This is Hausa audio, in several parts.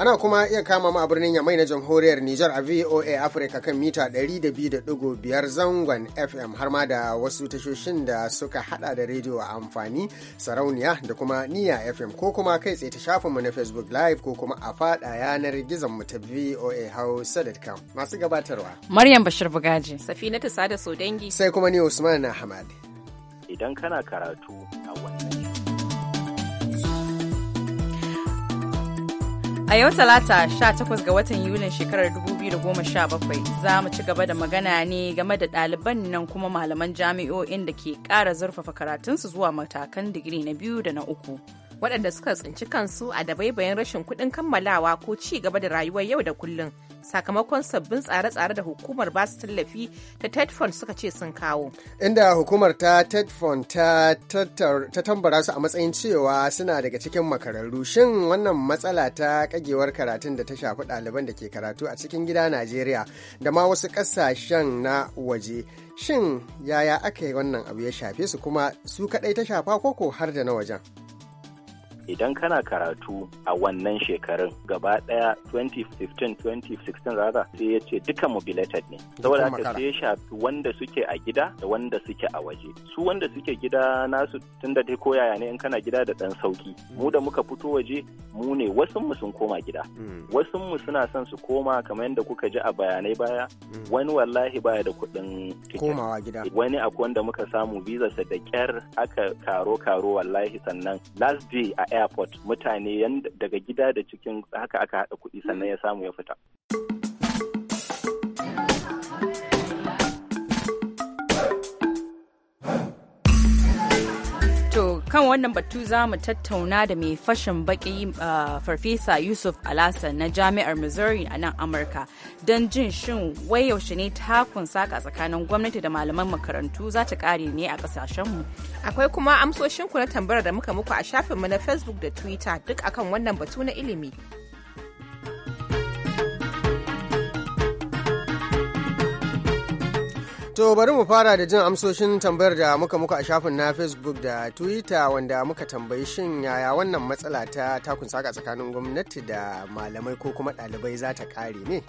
Ana kuma iya kama mu a birnin Yamai na Jamhuriyar Nijar a VOA Africa kan mita 102.5 zangon FM har ma da wasu tashoshin da suka hada da rediyo a amfani sarauniya da kuma niya FM ko kuma kai tsaye ta shafinmu na Facebook Live ko kuma a fada yanar gizon mu ta VOA Hausa.com. Masu gabatarwa. Maryam Bashir Bugaji. Safina sada da dangi Sai kuma ni Usman Ahmad. Idan kana karatu a wannan A yau Talata 18 ga watan Yulin shekarar 2017 za mu ci gaba da magana ne game da ɗaliban nan kuma malaman jami'o'in da ke ƙara zurfafa karatunsu zuwa matakan digiri na biyu da na uku. Waɗanda suka tsinci kansu a dabaibayen rashin kuɗin kammalawa ko ci gaba da rayuwar yau da kullum. sakamakon sabbin tsare-tsare da hukumar basu tallafi ta tedfund suka ce sun kawo inda hukumar ta tedfund ta tambara su a matsayin cewa suna daga cikin makararru shin wannan matsala ta kagewar karatun da ta shafi ɗaliban da ke karatu a cikin gida najeriya da ma wasu ƙasashen na waje shin yaya aka yi wannan abu ya shafe su kuma su kaɗai ta shafa koko har da na wajen idan kana karatu a wannan shekarun gaba daya 2015 2016 zaka sai ya ce duka mobilated ne saboda haka sai ya shafi wanda suke a gida da wanda suke a waje su wanda suke gida nasu tunda dai ko yaya ne in kana gida da dan sauki mu da muka fito waje mu ne wasu mu sun koma gida mm. wasu mu suna son su koma kamar yadda kuka ji a bayanai baya mm. wani wallahi baya da kuɗin komawa gida wani akwai wanda muka samu visa da kyar aka karo karo wallahi sannan last day a airport mutane daga gida da cikin haka aka haɗa kuɗi sannan ya samu ya fita. kan wannan batu za mu tattauna da mai fashin baki uh, farfesa yusuf alasan na jami'ar missouri a nan amurka don jin shin wai yaushe ne takun saka tsakanin gwamnati da malaman makarantu za ta kare ne a kasashenmu akwai kuma amsoshinku na tambayar da muka muku a shafinmu na facebook da twitter duk akan wannan batu na ilimi To bari mu fara da jin amsoshin tambayar da muka muka a shafin na Facebook da Twitter wanda muka tambayi shin yaya wannan matsala ta takun saka tsakanin gwamnati da malamai ko kuma ɗalibai za ta ƙare ne?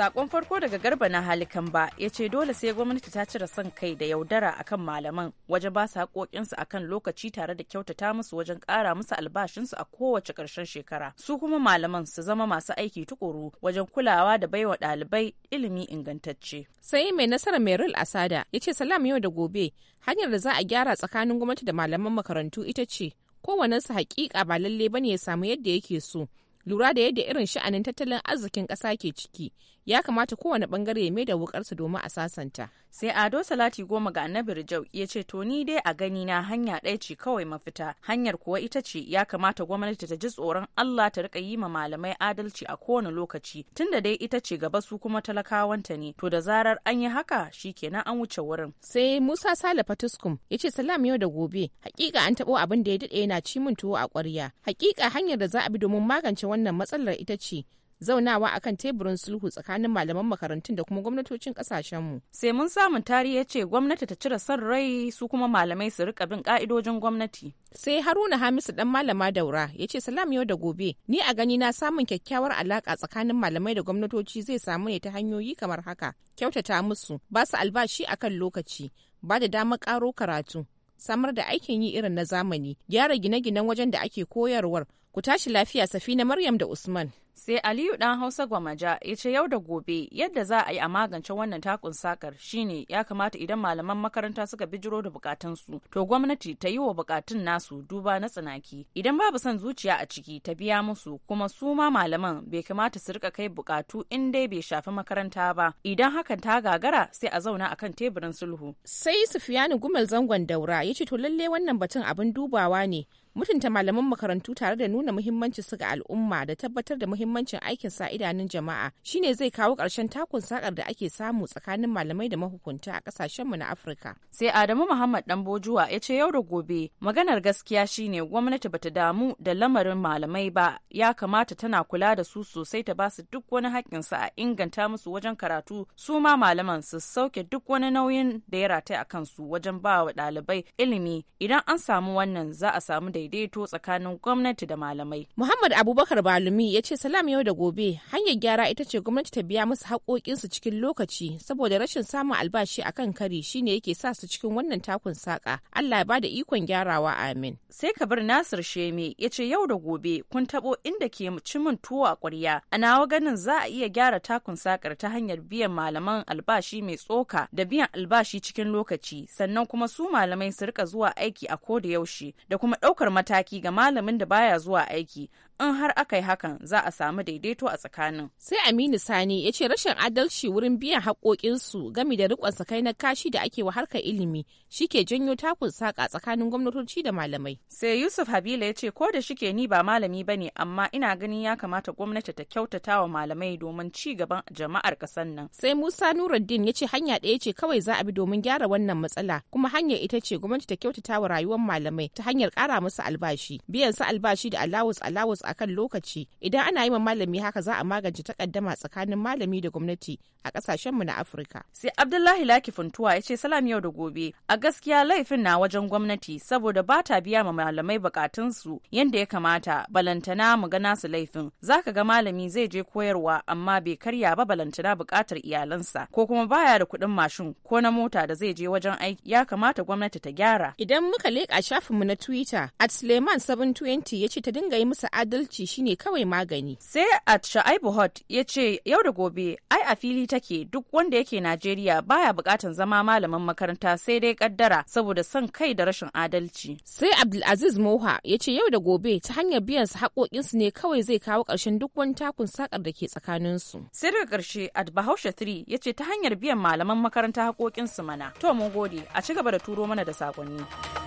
sakon farko daga garba na halikan ba ya ce dole sai gwamnati ta cire son kai da yaudara akan malaman wajen ba su haƙoƙinsu akan lokaci tare da kyautata musu wajen ƙara musu albashinsu a kowace ƙarshen shekara su kuma malaman su zama masu aiki tukuru wajen kulawa da baiwa ɗalibai ilimi ingantacce sai mai nasara meril asada ya ce salam yau da gobe hanyar da za a gyara tsakanin gwamnati da malaman makarantu ita ce kowanensu hakika ba lalle bane ya samu yadda yake so lura da yadda irin sha'anin tattalin arzikin ƙasa ke ciki ya kamata kowane bangare ya da wukarsa domin a sasanta. Sai Ado Salati goma ga Annabi Rijau ya ce to ni dai a gani na hanya ɗaya ce kawai mafita hanyar kuwa ita ce ya kamata gwamnati ta ji tsoron Allah ta rika yi ma malamai adalci a kowane lokaci tunda dai ita ce gaba su kuma talakawanta ne to da zarar an yi haka shikenan an wuce wurin. Sai Musa Sale Fatuskum ya ce salam yau da gobe hakika an taɓo abin da ya daɗe yana ci min tuwo a ƙwarya hakika hanyar da za a bi domin magance wannan matsalar ita ce zaunawa akan teburin sulhu tsakanin malaman makarantun da kuma gwamnatocin kasashenmu. Sai mun samu tari ya ce gwamnati ta cire son rai su kuma malamai su rika bin ka'idojin gwamnati. Sai Haruna Hamisu dan malama Daura ya ce salam yau da gobe ni a gani na samun kyakkyawar alaka tsakanin malamai da gwamnatoci zai samu ne ta hanyoyi kamar haka kyautata musu ba su albashi kan lokaci ba da damar karo karatu samar da aikin yi irin na zamani gyara gine-ginen wajen da ake koyarwar ku tashi lafiya safina maryam da usman sai aliyu dan hausa gwamaja ya ce yau da gobe yadda za a yi a magance wannan takun sakar shine ya kamata idan malaman makaranta suka bijiro da bukatunsu to gwamnati ta yi wa bukatun nasu duba na tsanaki idan babu son zuciya a ciki ta biya musu kuma su ma malaman bai kamata su rika kai bukatu in dai bai shafi makaranta ba idan hakan ta gagara sai a zauna akan teburin sulhu sai sufiyani gumal zangon daura ya ce to lalle wannan batun abin dubawa ne mutunta malaman makarantu tare da nuna muhimmancin su ga al'umma da tabbatar da muhimmancin aikin sa idanun jama'a shine zai kawo ƙarshen takun sakar da ake samu tsakanin malamai da mahukunta a kasashen mu na Afirka. Sai Adamu Muhammad Dan Bojuwa ya ce yau da gobe maganar gaskiya shine gwamnati bata damu da lamarin malamai ba ya kamata tana kula da su sosai ta basu duk wani haƙƙin su a inganta musu wajen karatu su ma malaman su sauke duk wani nauyin da ya rataya a kansu wajen ba wa ɗalibai ilimi idan an samu wannan za a samu da daidaito tsakanin gwamnati da malamai. Muhammad Abubakar Balumi ya ce salam yau da gobe hanyar gyara ita ce gwamnati ta biya musu haƙoƙinsu cikin lokaci saboda rashin samun albashi akan kari shine yake sa su cikin wannan takun saƙa. Allah ya bada ikon gyarawa amin. Sai Kabir Nasir Sheme ya ce yau da gobe kun taɓo inda ke cimin tuwo a ƙwarya. A nawa ganin za a iya gyara takun saƙar ta hanyar biyan malaman albashi mai tsoka da biyan albashi cikin lokaci sannan kuma su malamai su rika zuwa aiki a ko da yaushe da kuma ɗaukar mataki ga malamin da baya zuwa aiki in har aka yi hakan za a samu daidaito a tsakanin. Sai Aminu Sani ya ce rashin adalci wurin biyan haƙoƙinsu game da riƙon sakai na kashi da ake wa harkar ilimi shi ke janyo takun saƙa tsakanin gwamnatoci da malamai. Sai Yusuf Habila ya ce ko da shike ni ba malami ba ne amma ina ganin ya kamata gwamnati ta kyautata wa malamai domin ci gaban jama'ar ƙasar nan. Sai Musa Nuruddin ya ce hanya ɗaya ce kawai za a bi domin gyara wannan matsala kuma hanyar ita ce gwamnati ta kyautata wa rayuwar malamai ta hanyar ƙara musu albashi biyan su albashi da alawus alawus a kan lokaci idan ana yi ma malami haka za a magance takaddama tsakanin malami da gwamnati a mu na afirka sai abdullahi laki funtuwa ya ce salam yau da gobe a gaskiya laifin na wajen gwamnati saboda ba ta biya ma malamai bukatunsu yadda ya kamata balantana mu ga nasu laifin zaka ga malami zai je koyarwa amma bai karya ba balantana bukatar iyalansa ko kuma baya da kuɗin mashin ko na mota da zai je wajen aiki ya kamata gwamnati ta gyara idan muka leƙa shafinmu na twitter at suleiman 720 ya ce ta dinga yi musu adalci adalci shine kawai magani. Sai at Sha'aibu Hot ya ce yau da gobe ai a fili take duk wanda yake Najeriya baya bukatan zama malamin makaranta sai dai kaddara saboda son kai da rashin adalci. Sai Abdulaziz Moha ya ce yau da gobe ta hanyar biyan su haƙoƙinsu ne kawai zai kawo ƙarshen duk wani takun sakar da ke tsakaninsu. Sai daga ƙarshe at Bahaushe 3 ya ce ta hanyar biyan malaman makaranta haƙoƙinsu mana. To mun gode a ci gaba da turo mana da saƙonni.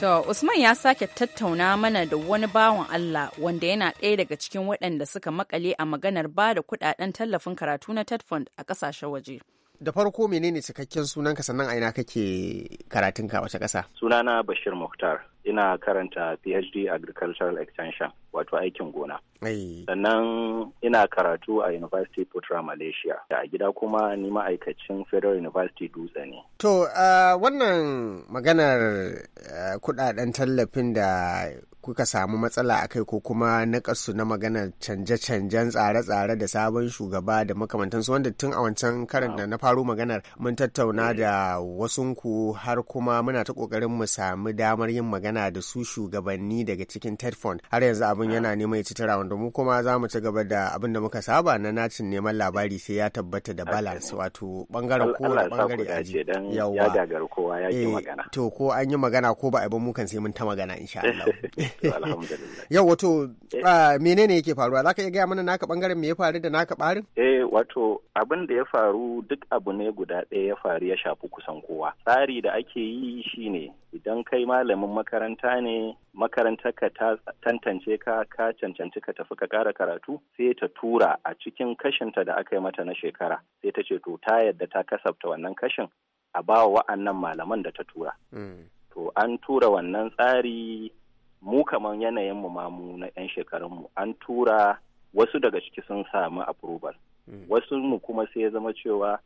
To, Usman ya sake tattauna mana da wani bawan Allah wanda yana ɗaya daga cikin waɗanda suka makale a maganar ba da kuɗaɗen tallafin karatu na Ted a ƙasashen waje. da farko menene cikakken sunanka sannan aina ina kake karatunka wace ƙasa? Sunana Bashir Mukhtar. Ina karanta PhD Agricultural Extension wato aikin gona. Sannan ina karatu a University Putra Malaysia. A gida kuma ni ma'aikacin Federal University Dutse ne. To, wannan maganar uh, eh, kudaden tallafin da kuka samu matsala a kai ko kuma nakasu na magana canje-canjen tsare-tsare da sabon shugaba da makamantansu wanda tun a wancan karin da na faro maganar mun tattauna eh. da wasunku har kuma muna ta kokarin mu samu damar yin magana da su shugabanni daga cikin ted har yanzu abin yana ah. neman ya tara wanda mu kuma za mu ci gaba da abin da muka saba na nacin neman labari sai ya tabbata da balance wato bangaren bangare a ji yawa eh, to ko an yi magana ko ba a yi ba mu sai mun ta magana insha Allah Yau wato eh. menene yake faruwa? Za ka iya gaya mana naka bangaren me ya faru da naka barin? Eh wato abin da ya faru duk abu ne guda ɗaya ya faru ya shafi kusan kowa. Tsari da ake yi shine idan kai malamin makaranta ne makarantar ka ta tantance ka ka cancanci ka tafi ka kara karatu sai ta tura a cikin kashinta da aka yi mata na shekara sai ta ce to ta yadda ta kasafta wannan kashin a ba wa'annan malaman da ta tura. Hmm. To an tura wannan tsari mu kamar yanayin mu mamu na 'yan mu an tura wasu daga ciki sun samu approval hmm. wasu mu kuma sai ya zama cewa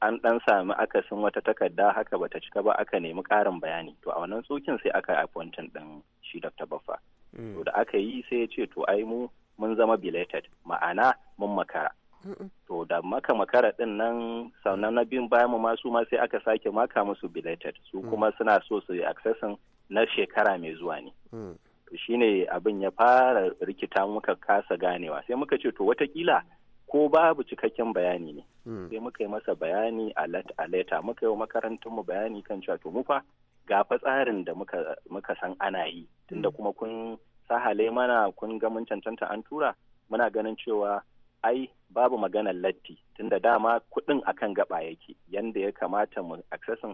an dan sami akasin wata takarda haka bata cika ba aka nemi karin bayani to a wannan tsokin sai aka appointin din shi Dr. Baffa hmm. to da aka yi sai ya ce to ai mu mun zama belated ma'ana mun makara hmm. to da maka makara din nan sannan na biyun bayan mu ma su ma sai aka sake maka musu belated su kuma suna so su yi accessing na shekara mai zuwa ne hmm. to ne abin ya fara rikita muka kasa ganewa sai muka ce to watakila ko babu cikakken bayani ne hmm. sai muka yi masa bayani a leta muka yi wa mu bayani kan cewa to mufa ga fa tsarin da muka, san ana yi tunda hmm. kuma kun sahale mana kun ga mun cancanta an tura muna ganin cewa ai babu maganar latti tunda dama kuɗin akan gaba yake yanda ya kamata mu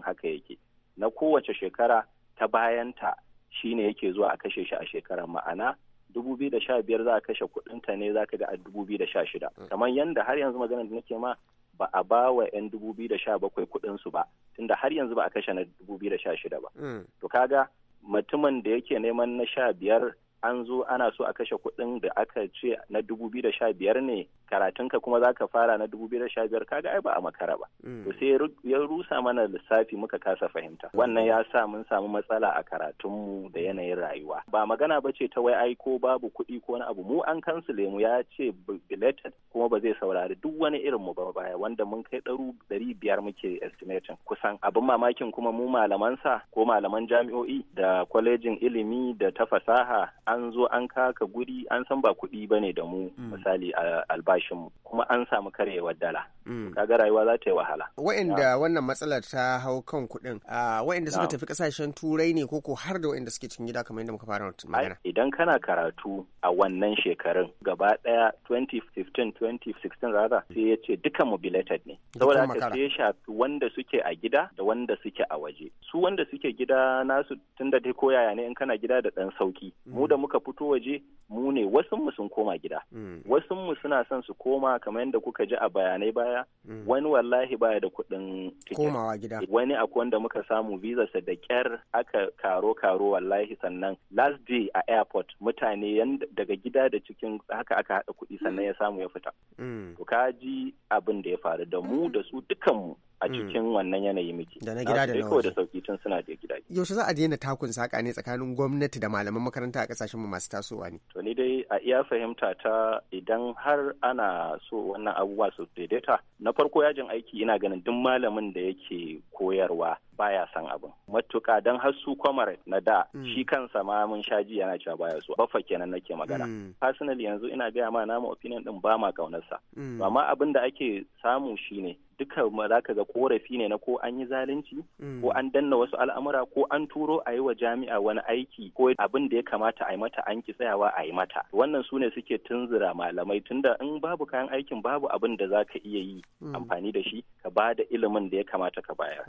haka yake na kowace shekara ta bayanta ne yake zuwa a kashe shi a shekarar ma'ana 2015 za a kashe kudinta ne za ka ga a 2016 mm. kamar yadda har yanzu maganar da nake ma ba a ba wa 'yan 2017 kudinsu ba tunda har yanzu ba a kashe na 2016 ba mm. to kaga mutumin da yake neman na 15 an zo ana so a kashe kudin da aka ce na 2015 ne Karatun ka kuma za ka fara na dubu biyu da sha biyar kaga ai ba a makara ba mm. to sai ya rusa mana lissafi muka kasa fahimta wannan ya sa mun samu matsala a karatun mu da yanayin rayuwa ba magana ba ce ta wai ai ko babu kuɗi ko wani abu mu an kansile mu ya ce belated kuma ba zai saurari duk wani irin mu ba baya wanda mun kai ɗaru ɗari biyar muke estimating kusan abin mamakin kuma mu malaman sa ko malaman jami'o'i da kwalejin ilimi da ta fasaha an zo an kaka guri an san ba kuɗi bane da mu mm. misali albashi albashin kuma an samu karyewar dala mm. kaga rayuwa za ta yi wahala wa'inda wannan matsalar ta hau kan kuɗin wa'inda suka tafi kasashen turai ne koko har da wa'inda suke cikin gida kamar yadda muka fara magana idan kana karatu a wannan shekarun gaba ɗaya 2015 2016 rather sai ya ce duka mobilated ne saboda haka sai ya shafi wanda suke a gida da wanda suke a waje su wanda suke gida nasu tun da dai ko yaya ne in kana gida da ɗan sauki mu mm. da muka fito waje mu ne wasu mu sun koma gida mm. Wasunmu mu suna son su koma kamar yadda kuka ji a bayanai baya mm. wani wallahi baya da kuɗin komawa wani akwai wanda muka samu visa sa da kyar aka karo karo wallahi sannan last day a airport mutane daga gida da cikin haka aka haɗa kuɗi sannan mm. ya samu ya fita mm. to ka ji abin da ya faru da mu da su dukanmu a mm. cikin wannan yanayi muke da na gida da na da sauki tun suna da gida yaushe za a daina takun saka ne tsakanin gwamnati da malaman makaranta a kasashen mu masu tasowa ne to ni dai a iya fahimta ta idan har ana so wannan abubuwa su daidaita na farko yajin aiki ina ganin duk malamin da yake koyarwa baya san abin matuka don har su kwamar na da mm. shi kansa ma mun shaji yana cewa baya so bafa kenan nake magana mm. personal yanzu ina gaya ma nama opinion din ba ma kaunarsa mm. amma abin da ake samu shine duka zaka ga korafi ne na ko an yi zalunci ko an danna wasu al'amura ko an turo a yi wa jami'a wani aiki ko abin da ya kamata a yi mata an ki tsayawa a yi mata wannan su ne suke tunzura malamai tunda in babu kayan aikin babu abin da zaka iya yi amfani da shi ka ba da ilimin da ya kamata ka bayar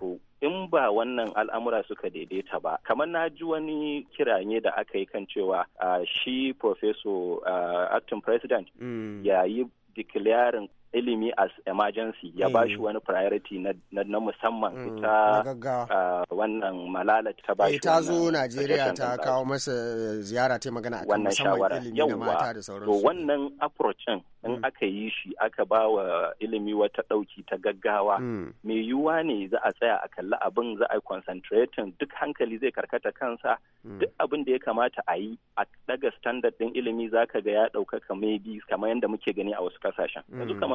to in ba wannan al'amura suka daidaita ba kamar na ji wani kiranye da aka yi kan cewa ah, shi professor ah, acting president mm. ya yi declaring ilimi as emergency ya mm. ba shi wani priority na musamman mm. ita ah, wannan malala ta ba shi eh, ta zo Najeriya ta kawo masa ziyara ta magana kan musamman ilimi da mata da sauransu wannan approach in mm. aka yi shi aka ba wa ilimi wata dauki ta gaggawa mai yiwuwa ne za a tsaya a kalli abin za a concentrating duk hankali zai karkata kansa duk abin da ya kamata a yi a daga standard ɗin ilimi za ka ga ya ɗaukaka kamar yadda muke gani a wasu kasashen.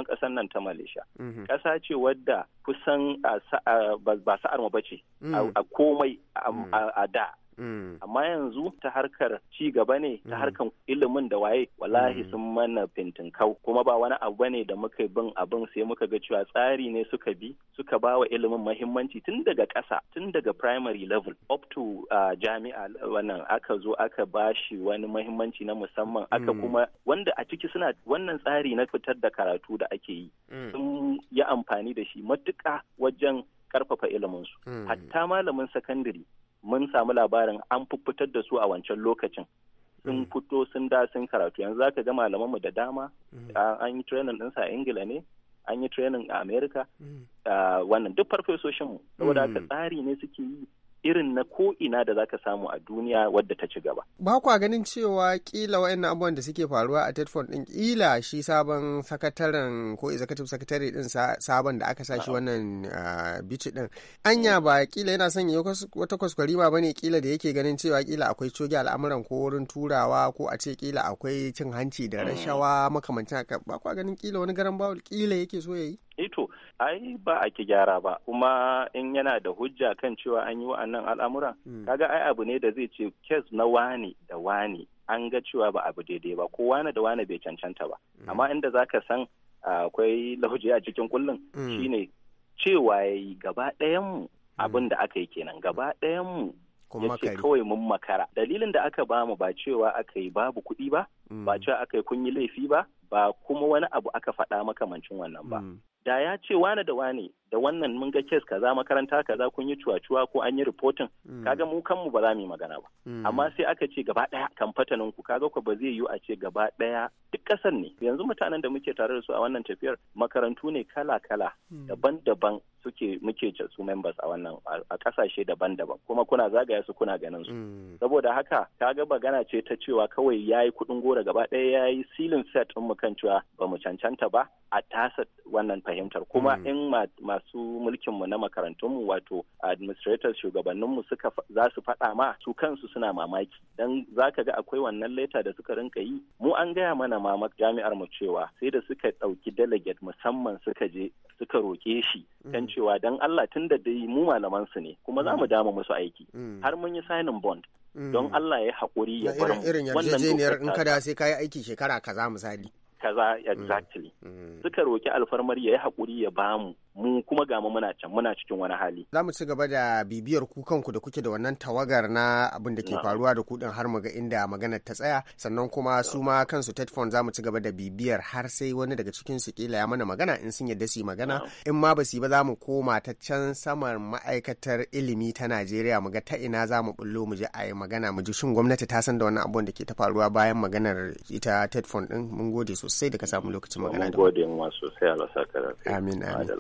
ƙasar nan ta Malaysia. Mhm. Ƙasa ce wadda kusan ba sa'ar mu bace mm. a komai a mm. da Mm. amma yanzu ta harkar ci gaba ne ta mm. harkar ilimin da waye wallahi mm. sun mana fintin kau kuma ba wani abu ne da muka bin abin sai muka ga cewa tsari ne suka bi suka ba wa ilimin mahimmanci tun daga ƙasa tun daga primary level up to uh, jami'a wannan aka zo aka bashi wani mahimmanci na musamman aka kuma wanda a ciki suna wannan tsari na fitar da karatu da ake yi sun yi amfani da shi matuƙa wajen karfafa iliminsu. Hatta malamin sakandare mun samu labarin an fuffutar da su a wancan lokacin sun mm. fito sun da sun karatu yanzu zaka ga malamanmu da dama mm. an yi training ɗinsa a ingila ne an yi training a amerika mm. wannan duk farfesoshinmu saboda haka tsari ne suke yi irin na ko ina da zaka samu a duniya wadda ta ci gaba. Ba kwa ganin cewa kila wa'in abubuwan da suke faruwa a Tedford ɗin kila shi sabon sakataren ko executive secretary ɗin sabon da aka sashi wannan bici ɗin. Anya ba kila yana son yau wata kwaskwarima ba ne kila da yake ganin cewa kila akwai coge al'amuran ko wurin turawa ko a ce kila akwai cin hanci da mm. rashawa makamancin haka ba kwa ganin kila wani garan bawul kila yake so ya yi. Eh to ai ba a ki gyara ba kuma in yana da hujja kan cewa an yi wa'annan al'amuran hmm. kaga ai abu ne da zai ce kes na wani da wani an ga cewa ba abu daidai ba ko wani da wani bai cancanta ba hmm. amma inda zaka san ah, akwai lahuji a cikin kullum hmm. shine cewa yayi gaba ɗayan mu abin da aka yi kenan gaba ɗayan mu yace kawai mun makara dalilin da aka bamu ba cewa aka yi babu kuɗi ba ba cewa aka yi kun yi laifi ba ba kuma wani abu aka faɗa makamancin wannan ba da ya ce wane da wane da wannan mun ga kes kaza makaranta kaza kun yi cuwa-cuwa ko an yi ripotin mm. kaga mu kanmu ba za mu yi magana ba mm. amma sai aka ce gaba daya kan fatanin ku kaga ku ba zai yiwu a ce gaba daya duk kasar ne yanzu mutanen da muke tare da su a wannan tafiyar makarantu ne kala-kala mm. daban-daban suke muke su members a wannan a kasashe daban-daban kuma kuna zagaya su kuna ganin su saboda haka kaga magana ce ta cewa kawai yayi kudin gora gaba daya yayi silin set din mu kan cewa ba mu cancanta ba a tasa wannan fahimtar kuma mm. in masu mulkinmu na makarantunmu wato administrators shugabanninmu suka za su faɗa ma su kansu suna mamaki dan za ka ga akwai wannan leta da suka rinka yi mu an gaya mana ma jami'ar mu cewa sai da suka ɗauki delegate musamman suka je suka roƙe shi mm. kan cewa dan Allah tun da dai mu malaman su ne kuma za mu mm. dama musu aiki har mun yi signing bond don Allah ya haƙuri ya bar mu wannan irin yarjejeniyar in kada sai kayi aiki shekara kaza misali kaza mm. exactly mm. suka roki alfarmar ya yi haƙuri ya bamu mu kuma ga mu muna can muna cikin wani hali za mu ci gaba da bibiyar ku kanku da kuke da wannan tawagar na abin da ke faruwa da kudin har mu ga inda maganar ta tsaya sannan kuma su ma kansu tetfon za mu ci gaba da bibiyar har sai wani daga cikin su kila ya mana magana in sun yadda su magana in ma ba su ba za mu koma ta can saman ma'aikatar ilimi ta Najeriya mu ga ta ina za mu bullo mu je a yi magana mu ji shin gwamnati ta san da wannan abin da ke ta faruwa bayan maganar ita tetfon din mun gode sosai da ka samu lokacin magana da mu. Mun gode mu sosai Allah saka Amin amin.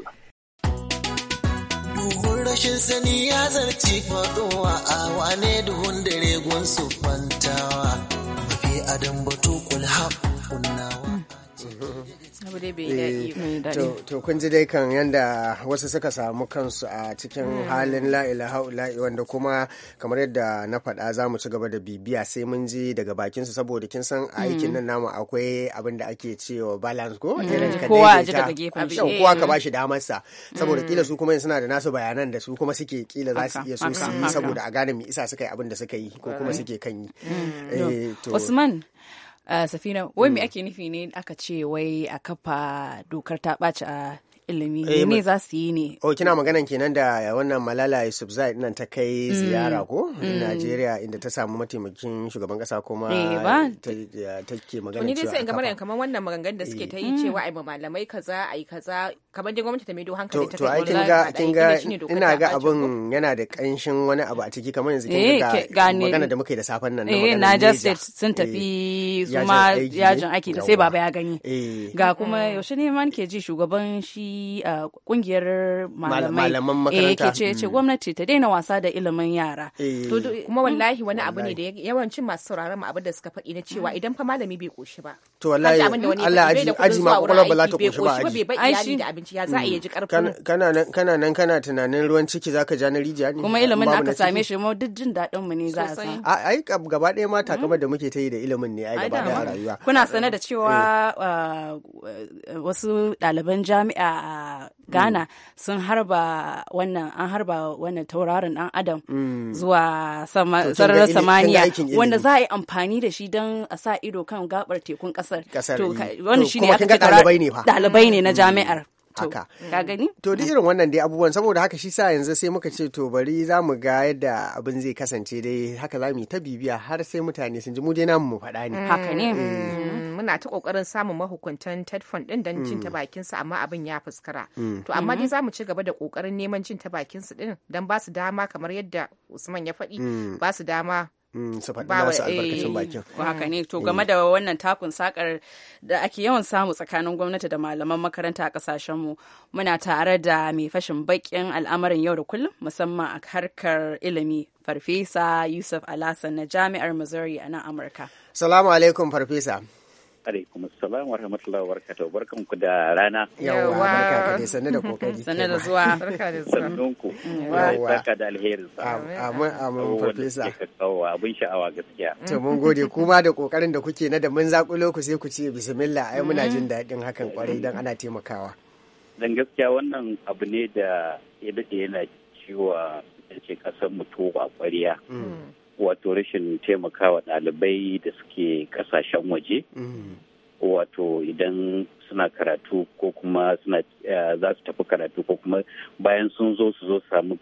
duhun rashin sani ya zarci faɗowa a wane duhun dare gunsu fantawa mafi adam batu kulha kunna Eh, to kun ji dai kan yadda wasu suka samu kansu a cikin hmm. halin la'ila lai wanda kuma kamar yadda na faɗa za mu ci gaba da bibiya sai mun ji daga bakin su saboda kin san aikin hmm. nan namu akwai abin da ake cewa balance ko hmm. kowa a ji daga kowa ka bashi damar sa saboda kila su kuma suna da nasu bayanan da su kuma suke kila za su iya su su yi saboda a gane me isa suka yi abin da suka yi ko kuma suke kan yi eh, Usman Uh, safina wai me mm. ake nufi ne aka ce wai a kafa dokar ta ɓaci a ilimi eh, za su yi ne oh kina maganan kenan da wannan malala yusufzai nan ta kai mm. ziyara ko mm. najeriya inda ta samu mataimakin shugaban kasa kuma eh, ta ke magana ni dai sai in ga maryam kamar wannan magangan da suke ta yi eh. mm. cewa ai malamai kaza ai kaza kamar dai gwamnati ta maido hankali ta kai to kin ga ina ga abun yana da kanshin wani abu a ciki kamar yanzu kin ga magana da muka yi da safan nan na Niger State sun tafi su ma yajin aiki da sai baba ya gani ga kuma yaushe ne man ke ji shugaban shi kungiyar malaman eh, makaranta ke ce mm. gwamnati ta daina wasa da ilimin yara eh. kuma wallahi wani abu ne da yawancin masu sauraron mu abin da suka faɗi na cewa idan fa malami bai koshi ba to wallahi Allah aji aji ma kwakwalwa ba za ta koshi ba aji bai iyali da abinci ya za a iya mm. ji karfin kana nan kana nan kana tunanin ruwan ciki zaka ja na rijiya ne kuma ilimin da aka same shi mu duk jin dadin mu ne za a san ai gaba ɗaya ma mm-hmm. takamar da muke ta yi da ilimin ne ai gaba ɗaya a rayuwa kuna sane da cewa eh. uh, wasu ɗaliban jami'a a ghana mm. sun harba wannan an harba wannan tauraron dan adam mm. zuwa sararin samaniya wanda za a yi amfani da shi don a sa ido kan gabar tekun kasar to wannan shine aka ce dalibai ne na mm. jami'ar haka ka gani to duk mm. irin wannan dai abubuwan saboda haka shi sa yanzu sai muka ce to bari za mu ga yadda abin zai kasance dai haka za mu yi ta bibiya har sai mutane sun ji mu dai namu mu faɗa ne mm. haka ne eh. mm. muna ta kokarin samun mahukuntan tedfon ɗin don cinta ta bakin amma abin ya fuskara to amma dai za mu ci gaba da kokarin neman cin ta bakin su din don ba su dama kamar yadda Usman ya faɗi ba su dama Mm, su faɗi nasu albarkacin eh, bakin. Haka ne to eh. game da wannan takun sakar da ake yawan samu tsakanin gwamnati da malaman makaranta a kasashenmu muna tare da mai fashin bakin al'amarin yau da kullum musamman a harkar ilimi farfesa Yusuf Alasan na jami'ar Missouri a nan Amurka. Salamu alaikum farfesa. alaikum assalam wa rahmatullahi wa barakatuh barkan ku da rana yawa barka ka sanne da kokari sanne da zuwa barka da zuwa sannun ku barka da alheri amin amin professor yawa abin sha'awa gaskiya to mun gode kuma da kokarin da kuke na da mun zakulo ku sai ku ce bismillah ai muna jin daɗin hakan kwarai dan ana taimakawa dan gaskiya wannan abu ne da ya dade yana ciwa da ce kasar mutuwa kwariya mm. wato rashin taimakawa ɗalibai da suke ƙasashen waje mm. wato idan suna karatu ko kuma eh, za su tafi karatu ko kuma bayan sun zo su zo samu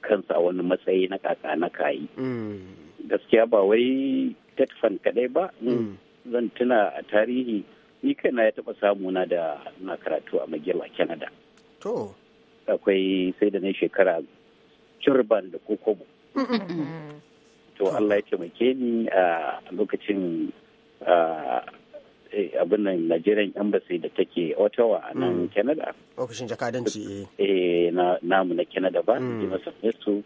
kansa a wani matsayi na kaka na kayi mm. gaskiya ba wai tatfan kadai ba mm. zan tuna a tarihi ni kaina ya taɓa samu na da na karatu a magill a canada akwai sai da na shekara curban da kokobo to Allah ya taimake ni a lokacin eh, abin nan Nigerian embassy da take Ottawa a nan mm. Canada. Ofishin jakadanci eh. Eh na Canada ba, su je su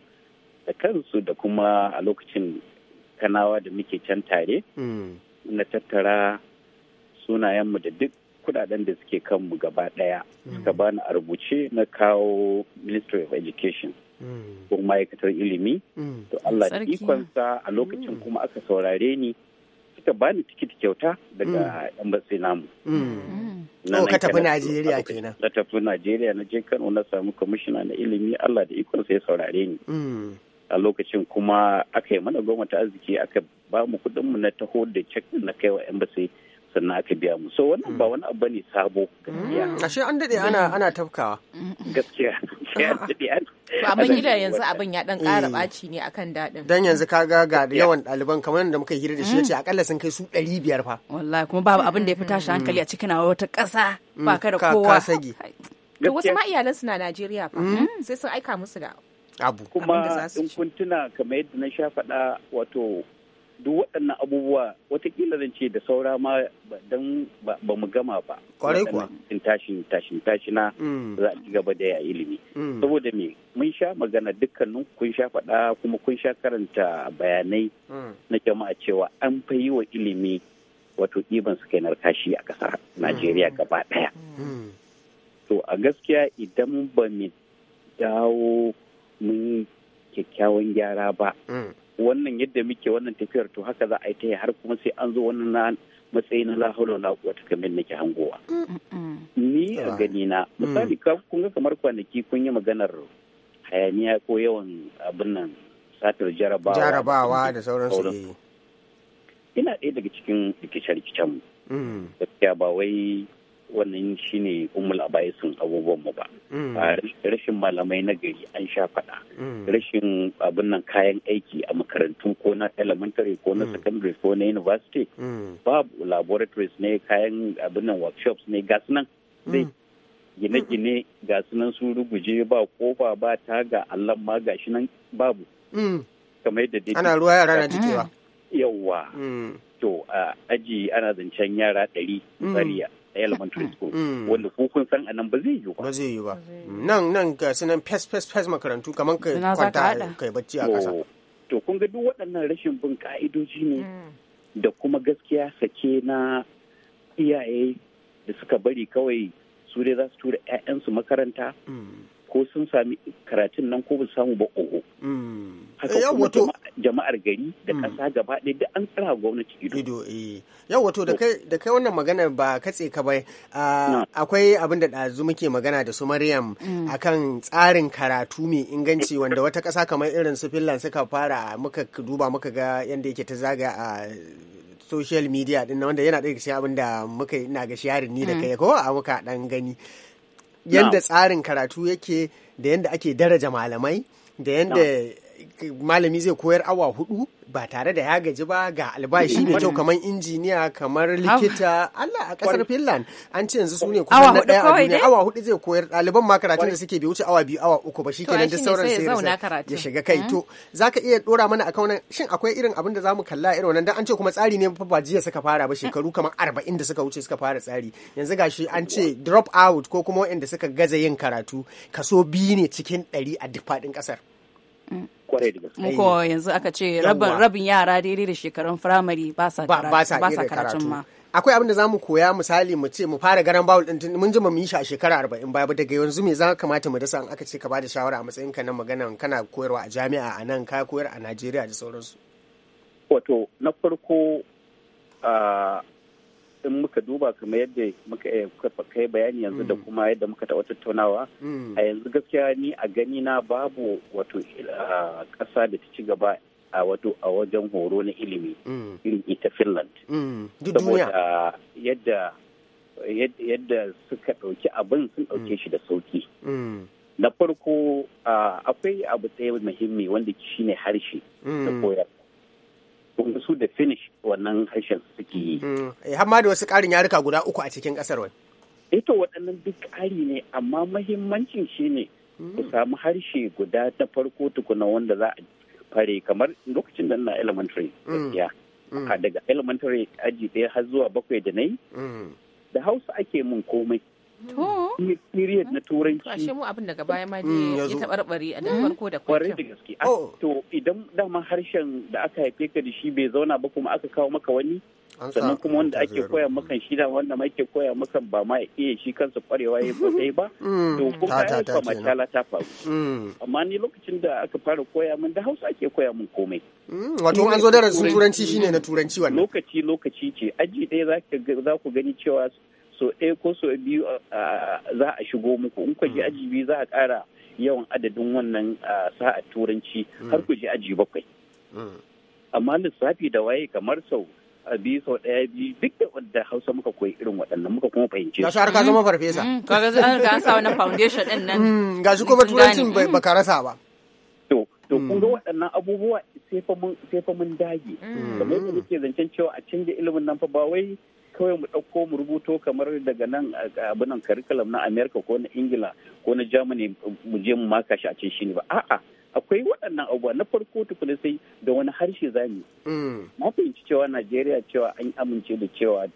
da kansu da kuma a lokacin kanawa da muke can tare. Mm. Na tattara sunayen mu da duk kudaden da suke kanmu gaba daya. Suka mm. bani a rubuce na kawo Ministry of Education. ko mm. ma'aikatar ilimi mm. to Allah ikonsa a lokacin mm. kuma aka saurare ni suka bani tikiti kyauta daga embassy namu na oh, ka tafi Najeriya kenan na tafi Najeriya na je Kano na samu kwamishina na ilimi Allah da ikonsa ya saurare ni a lokacin kuma aka yi mana gwamnati arziki aka ba mu kuɗin mu na taho da cek na kaiwa embassy sannan aka biya mu so wannan ba wani abu ne sabo mm, mm. gaskiya ashe an dade ana ana tafkawa gaskiya amma gida yanzu abin ya dan ƙara ɓaci ne akan daɗin dan yanzu kaga ga yawan ɗaliban kamar yadda muka hira da shi yace mm. akalla sun kai su ɗari biyar fa wallahi kuma babu abin da ya fi tashi hankali a cikin wata ƙasa ba ka da kowa to wasu ma su na Najeriya fa sai sun aika musu da abu kuma in kun tuna kamar yadda na sha faɗa wato duk waɗannan abubuwa watakila zan ce da saura ma don ba mu gama ba kwarai kuwa tashin tashin tashina mm. za a ci gaba da ya ilimi mm. saboda me mun sha magana dukkanin kun sha faɗa kuma kun sha karanta bayanai mm. na jama'a cewa an fayi wa ilimi wato ɗiban su kai narkashi a ƙasar najeriya gaba ɗaya to a gaskiya idan ba mu dawo mun kyakkyawan gyara ba wannan yadda muke wannan tafiyar to haka za a yi ta har kuma sai an zo wannan na matsayi na lahulo na wata kamar nake hangowa. Ni a gani na mm. misali kun ga kamar kwanaki kun yi maganar hayaniya ko yawan abin nan satar jarabawa. Jarabawa da sauransu. Eh. Ina ɗaya daga cikin rikice-rikicen mu. Mm. Gaskiya ba wai wannan shi shine umul abaisin abubuwan mu ba mm. ah, rashin malamai na gari an sha faɗa mm. rashin abin nan kayan aiki a makarantu ko na elementary ko na mm. secondary ko na university babu laboratories ne kayan abin nan workshops ne gasu nan gine-gine gasu nan su ruguje ba kofa ba taga allon ma gashi nan babu ana ruwa yara na jikewa Yawwa, to a aji ana zancen yara ɗari bariya elementary hmm. school hmm. wanda ku kun san anan ba zai yi ba ba zai yi ba hmm. nan nan ga sanan fes fes fes makarantu kamar ka kwanta kai bacci a kasa to kun ga duk waɗannan rashin bin ka'idoji ne da kuma gaskiya sake na iyaye da suka bari kawai su dai za su tura 'ya'yansu makaranta ko sun sami karatun nan ko ba samu ba oho. Haka kuma jama'ar gari da mm. ƙasa gaba ɗaya da an tsara gwamnati ido. Ido eh. Yau wato da kai wannan magana ba katse ka bai. Ah, akwai abin da ɗazu muke magana da su Maryam mm. akan tsarin karatu mai inganci eh. wanda wata ƙasa kamar irin su Finland suka fara muka duba muka ga yadda yake ta zaga a social media din wanda yana ɗaya cikin abin da muka ina ga sharing ni da mm. kai ko a muka ɗan gani yanda tsarin karatu yake da yanda ake daraja malamai da yanda malami zai koyar awa hudu ba tare da ya gaji ba ga albashi mai kyau kamar injiniya kamar likita Allah a kasar Finland an ce yanzu su ne na daya a duniya awa hudu zai koyar ɗaliban ma karatun da suke bai wuce awa biyu awa uku ba shi kenan duk sauran sai ya shiga kai to zaka iya dora mana a wannan shin akwai irin abin da zamu kalla irin wannan dan an ce kuma tsari ne ba jiya suka fara ba shekaru kamar 40 da suka wuce suka fara tsari yanzu gashi an ce drop out ko kuma waɗanda suka gaza yin karatu kaso biyu ne cikin ɗari a duk faɗin ƙasar. Hmm. kwarai da gaske muko yanzu aka ce rabin yara daidai da shekarun firamare ba sa karatun ma akwai abin da za mu koya misali mu ce mu fara garan bawul ɗin mun ji mu yi shi a shekara arba'in ba daga yanzu me za kamata mu dasa an aka ce ka bada shawara a matsayin ka na magana kana koyarwa a jami'a a nan ka koyar a Najeriya da sauransu wato na farko ah, in muka duba kamar yadda muka eh, kai bayani yanzu da mm. kuma yadda muka taɓa tattaunawa mm. a yanzu gaskiya ni a gani na babu wato ah, ƙasa da ta ci gaba a wato a wajen horo na ilimi mm. irin ita finland saboda yadda suka ɗauki abin sun ɗauke shi da sauki na farko ah, akwai abu tsaye muhimmi wanda shine harshe da koyar wanda su da finish wannan harshen suke yi. Hmm. Eh, hamma da wasu ƙarin yaruka guda uku a cikin ƙasar wani. Ita eh waɗannan duk ƙari ne amma mahimmancin shi ne hmm. ku samu harshe guda ta farko tukuna wanda za a fare kamar lokacin da na elementary hmm. Ya, Daga elementary aji ɗaya har zuwa bakwai da na yi. Da Hausa ake mun komai. period na turanci ashe mu abin daga baya ma mm, ya tabarbare a dan mm. farko da kwarai da gaske oh. to idan dama harshen da aka haife ka da shi bai zauna ba kuma aka kawo maka wani sannan kuma wanda ake koya maka shi da wanda ma ke koya maka ba ma iya shi kansa kwarewa ya ba sai ba mm. to ko ka yi ma tala ta faru amma ni lokacin da aka fara koya min da Hausa ake koya min komai wato an zo darasin turanci shine na turanci wannan lokaci lokaci ce aji ɗaya za ku gani cewa so ɗaya ko so biyu uh, uh, za a shigo muku in ku hmm. aji biyu za a ƙara yawan adadin wannan uh, sa'a turanci hmm. har ku ji aji bakwai hmm. amma lissafi da waye kamar sau a biyu sau ɗaya biyu duk da wadda hausa muka koyi irin waɗannan muka kuma fahimci gashi har ka zama farfesa kaga an ka sa wannan foundation ɗin nan gashi kuma turancin ba ka rasa ba to to kun ga waɗannan abubuwa sai fa mun dage kamar yadda nake zancen cewa a canja ilimin nan fa ba wai kawai mu ɗauko mu rubuto kamar daga nan abinan curriculum na america ko na ingila ko na germany mu je mu maka shi a cikin shi ne ba a'a akwai waɗannan abubuwa na farko tukuna sai da wani harshe zamu mm. na fahimci cewa najeriya cewa an amince da cewa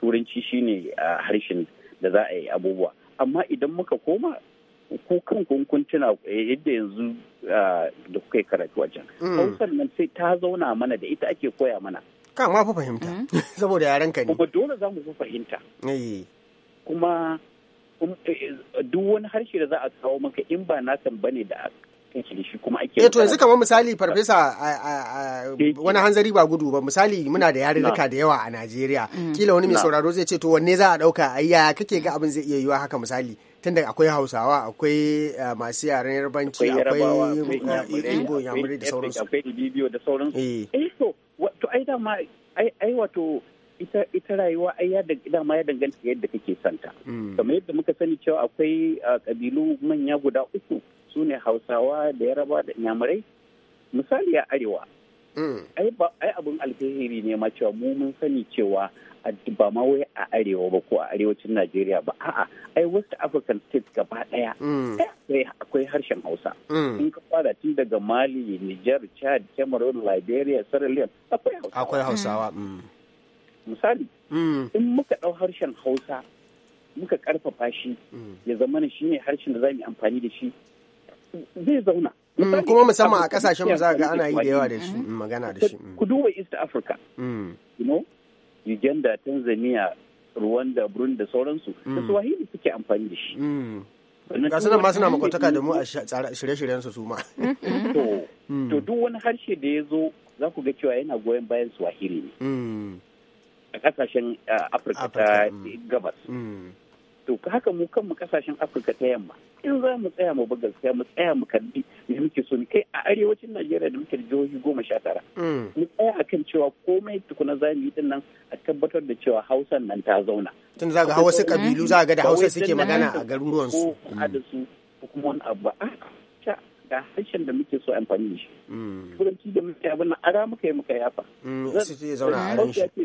turanci shine harshen da za a yi abubuwa amma idan muka koma ku kan kunkun tuna eh, yadda yanzu da kuka yi karatu wajen. Mm. hausa hausar nan sai ta zauna mana da ita ake koya mana Ka ma fi fahimta. Mm. Saboda yaren ka ne. Kuma dole za mu fi fahimta. Eh. Kuma um, eh, duk wani harshe da za a kawo maka in ba na san bane da kuma ake. Eto eh, yanzu kamar misali farfesa wani hanzari ba gudu ba misali muna da yarurruka da yawa a Najeriya. Mm. Kila wani mai sauraro zai ce to wanne za a dauka ayya kake ga mm. abin zai iya yiwa haka misali. tunda akwai hausawa akwai masu yaren yarbanci akwai igbo yamuri da sauransu akwai da sauransu to ai dama ai wato ita ita rayuwa ai ya dama ya danganta yadda kake santa mm. kamar yadda muka sani cewa akwai kabilu manya guda uku sune hausawa da yaraba da inyamurai misali a arewa ai abin alfahiri ne ma cewa mu mun sani cewa ba ma wai a arewa ba ko a arewacin Najeriya ba a'a ai West African states gaba daya mm. eh, akwai harshen Hausa mm. in ka fara tun daga Mali Niger Chad Cameroon Liberia Sierra Leone akwai Hausawa mm. misali in muka dau harshen Hausa muka karfafa shi ya zama shi ne harshen da za mu amfani da shi zai zauna kuma musamman a kasashen mu za ga ana yi da yawa da shi mm, magana da shi mm. ku duba east africa mm. you know uganda tanzania rwanda burundi da sauransu da swahili suke amfani da shi ga sunan ma suna makwataka da mu a shirye-shiryen su ma mm-hmm. to duk wani harshe da ya zo za ku ga cewa yana goyon bayan swahili ne a kasashen uh, afirka ta gabas to haka mu kanmu kasashen afirka ta yamma in za mu tsaya mu ba gaskiya mu tsaya mu kalli da muke so kai a arewacin najeriya da muke da jihohi goma sha tara mm. mu tsaya akan cewa komai tukuna za mu yi din nan a tabbatar da cewa hausan nan ta zauna tun za ga hawa su kabilu za ga da hausa suke magana a garuruwansu ko kuma wani abu ba ga harshen da muke so amfani da shi. Mm. Turanci da muke abin nan ara muka yi muka mm, yafa. ce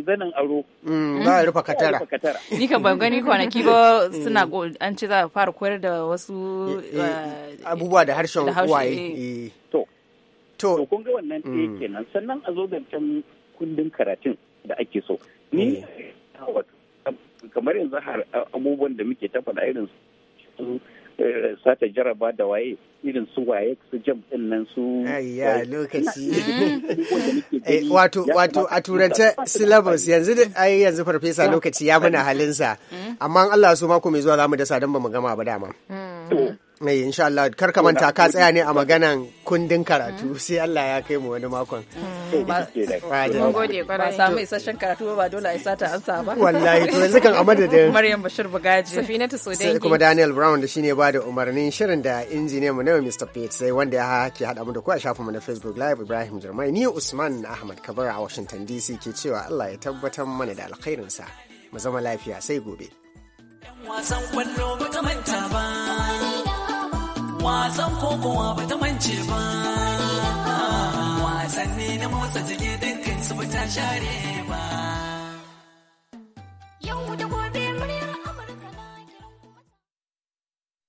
zanen aro. Ba mm, a rufa katara. Ni kan ban gani kwanaki ba suna an ce za a fara koyar da wasu eh, eh, eh, abubuwa da harshen uwaye. To. To. kun ga wannan ɗaya kenan sannan a zo zancen kundin karatun da ake so. Ni kamar yanzu har abubuwan da muke ta faɗa irin su sata jaraba da waye irin su waye su jam din nan su ayya lokaci wato wato a turance syllabus yanzu ai yanzu farfesa lokaci ya muna mm. sa mm. amma Allah su mako mai zuwa zamu dasa dan mu gama ba dama mm. mai eh, insha Allah kar ka manta ka tsaya ne a maganan kundin karatu sai Allah ya kai mu wani makon hmm. eh, ba samu isasshen karatu ba dole a isa ta ansa ba wallahi to yanzu kan a madadin Maryam Bashir Bugaji Safinatu Sodengi sai kuma Daniel Brown da shine ba da umarnin shirin da injiniyan mu na Mr. Pete sai wanda ya hake hada mu da ku a shafin mu na Facebook Live Ibrahim Jirmai ni Usman Ahmad Kabara a Washington DC ke cewa Allah ya tabbatar mana da sa mu zama lafiya sai gobe wasan kwallo ba ta manta ba wasan kowa ba ta mance ba wasanni na motsa jiki dinkin su ba ta share ba yau da gobe muryar